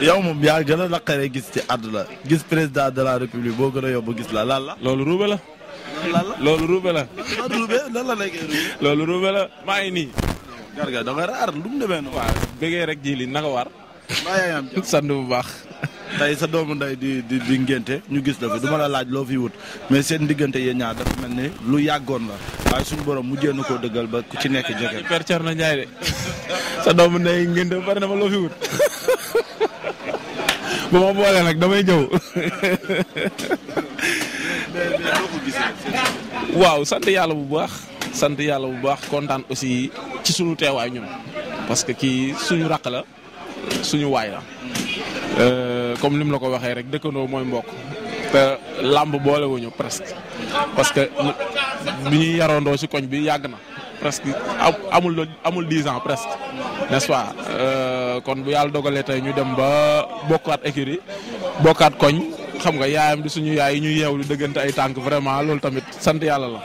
yow moom yaa gën a naqaree gis ci àdduna gis président de la république boo gën a yomb gis la lan la. loolu ruube la. lan la loolu maa ngi nii. garga da raar lu mu demee rek ji li naka war. maa yaa baax. tey sa doomu nday di di di ngénte ñu gis la fi du ma laaj loo fi wut mais seen diggante yéen ñaar dafa mel ni lu yàggoon la waaye suñu borom mu jéem koo dëggal ba ku ci nekk jege. père Thierno Ndiaye de sa doomu nday ngénte bari na ma loo fi wut. bu ma boolee nag damay ñëw. waaw sant yàlla bu baax. sant yàlla bu baax kontaan aussi ci suñu teewaay ñun. parce que kii suñu raq la suñu waay la. Euh, comme ni la ko waxee rek dëkkandoo mooy mbokk. te làmb boolewuñu presque. parce que bi ñuy yaroondoo ci koñ bi yàgg na. presque amul amul dix ans presque. n'est-ce kon bu yàlla dogalee tey ñu dem ba bokkaat écurie bokkaat koñ xam nga yaayam di suñu yaay yi ñu yeew di dëggante ay tànk vraiment loolu tamit sant yàlla la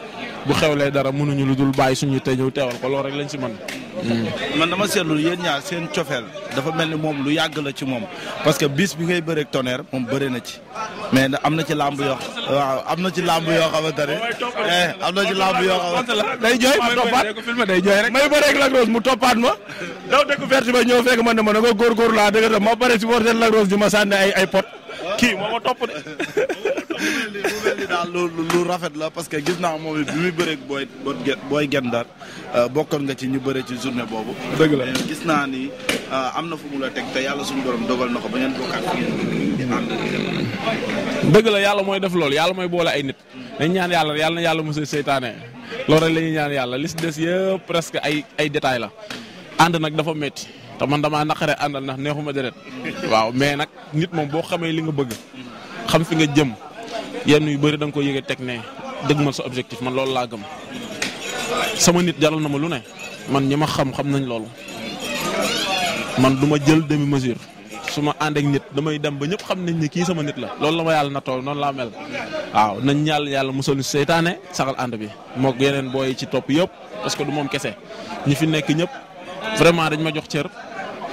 bu xewlee dara mënuñu lu dul bàyyi suñu te ñëw teewal ko loolu rek lañ si mën. Hmm. man dama seetlu yéen ñaar seen cofeel dafa mel ni moom lu yàgg la ci moom parce que bis bi ngay bëreeg tonnerre moom bëri na ci mais am na ci làmb yoo waaw am na ci làmb yoo xamante ne eh, am na ci làmb yoo xamante ne day jooy ma toppaat daw découverte ba ñëw fekk man de ma ne ko góorgóorlu laa dëgg la ma pare si bortel la rose bi ma sànni ay ay pot kii moo ma topp de. lu rafet la parce que gis naa moom bi muy bëreeg booy booy gendar euh, bokkoon nga ci ñu bëre ci journée boobu. dëgg la gis naa ni euh, am na fu mu teg te yàlla suñu borom dogal na ko ba ngeen bokkaat fi yàlla mooy def loolu yàlla mooy boole ay nit. dañ ñaan yàlla yàlla na yàlla mos seytaane loolu rek la ñuy ñaan yàlla li des yëpp presque ay ay détails la. ànd nag dafa métti te man damaa naqare àndal ndax neexuma deret waaw mais nag nit moom boo xamee li nga bëgg xam fi nga jëm yenn yu bëri da nga ko yëge teg ne dëgg man sa objectif man loolu laa gëm sama nit jaral na ma lu ne man ñi ma xam nañ loolu man du jël demi mesure su ma nit damay dem ba ñëpp xam nañ ne kii sama nit la loolu la ma yàlla na tool noonu laa mel waaw nañ ñàll yàlla musal seytaane saxal ànd bi moog yeneen yi ci topp yëpp parce que du moom kese ñi fi nekk ñëpp vraiment dañ ma jox cër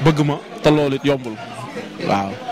bëgg ma te loolu it yombul waaw.